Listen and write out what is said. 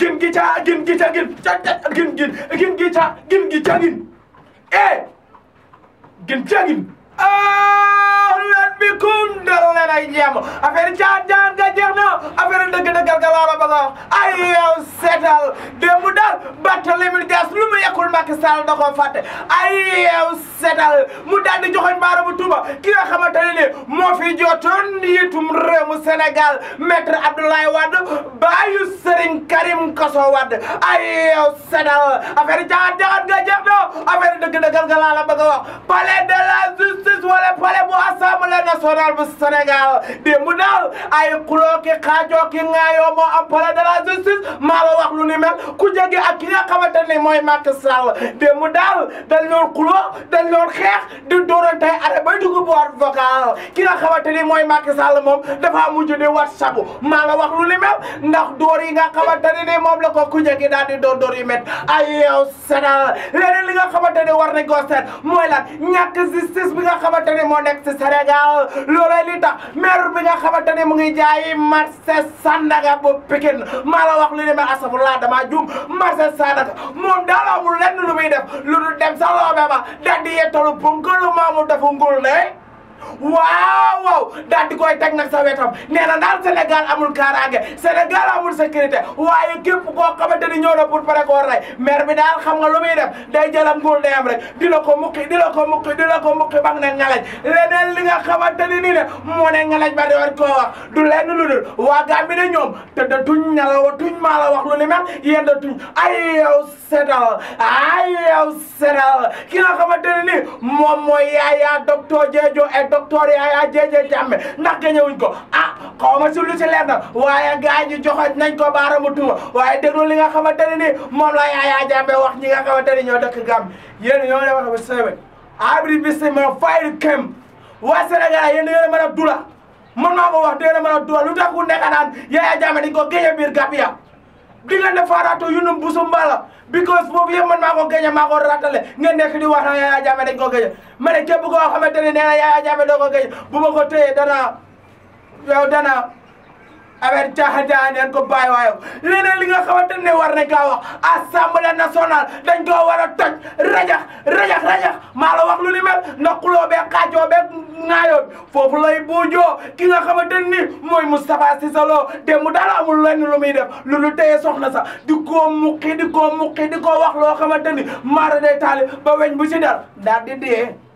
gin gi ca gin gi ca gin gin gin gin gi gin gi gin eh gin ca gin ahlan bikum dal leen ay jàmm affaire caan caan ga jeex na affaire dëgg dëggal ga loola ba nga ay yow seetal Macky Sall da koo fàtte ay yeew setal mu daal di joxoñ baaraamu tuuma ki nga a ne nii moo fi jotoon njiitum réew mu Sénégal maître Abdoulaye Wade baayu Serigne Karim Koso Wade ay yeew setal affaire jaxat jaxat nga jeex na affaire dëgg-dëggal nga laa la bëgg a wax palais de la justice wala. national bu Sénégal démb daal ay xuloo ki xaajoo ki ŋaayoo moo am palais justice maa wax lu ni mel ku jege ak ki nga xamante ne mooy Macky Sall démb daal dañ loon xuloo dañ loon xeex di dóorante ay arrêt bay dugg boîte vocale ki nga xamante ni mooy Macky Sall moom dafa mujj di whatsapp maa la wax lu ni mel ndax dóor yi nga xamante ne ni la ko ku jege daal di dóor dóor met ay yow Sénégal li nga xamante war nañ koo seet mooy lan nga xamante ne moo nekk Sénégal loolay li tax maire bi nga xamante mu ngi jaayi marché Sandaga bu Pikine maa la wax li ne ma asafurlaa damaa juum marché Sandaga moom daal amul lenn lu muy def lu dul dem sa loobe ba da di yettalu punkalu maamu dafa ngul ne waaw waaw daal di koy teg nag sa wetam nee na daal Sénégal amul kaaraange Sénégal amul sécurité waaye képp koo xamante ni ñëw na pour pare koo rey maire bi daal xam nga lu muy def day jëlam nguur day am rek di la ko mukki di la ko mukki di la ko mukki ba nga ne ngalaj leneen li nga xamante ni nii ne moo ne ngalaj ba di war koo wax du lenn lu dul waa Gàmbi ne ñoom te da tuñ na la wa tuñ maa la wax lu ni mel yéen da tuñ ay yow setal ay yow setal ki nga ni moom mooy Yaya Docteur Jeejo et docteur yi ay ay jeejee jàmme ndax gañewuñ ko a ah, xaw ma si lu si leer na waaye gars yi joxoon nañ ko baaramu tuuma waaye déglu li nga xamante ne nii moom la Yaya Jammeh wax ñi nga xamante ne ñoo dëkk Gàmbi yéen ñoo ne wax ba sebe abri bisi ma fayil kem waa Sénégal yéen yéen mën a dula man maa ko wax dégg nga mën a dula lu tax ku nekk naan Yaya Jammeh dañ ko génne biir Gàmbi ya diggante Faaraatu Yunus Busu Mbala because boobu yëpp man maa ko gañe maa ko ratale nga nekk di wax na Yaya Jammeh dañ ko gañe ma ne képp koo xamante ne nee na Yaya Jammeh doo ko gañe bu ma ko téyee dana yow dana affaire caaxaan neen ko bàyyi waayo leneen li nga xamante ne war nañ kaa wax assemblée nationale dañ koo war a toj rajax rajax rajax maa la wax lu ni mel ndax xuloo bee xaajoo bee ŋaayoon foofu lay buujoo ki nga xamante ni mooy Moustapha Cissé Lo dem mu dara amul lenn lu muy def lu lu téye soxna sa di mu muqi di ko muqi di ko wax loo xamante ni maara day taali ba weñ bu ci dar daal di dee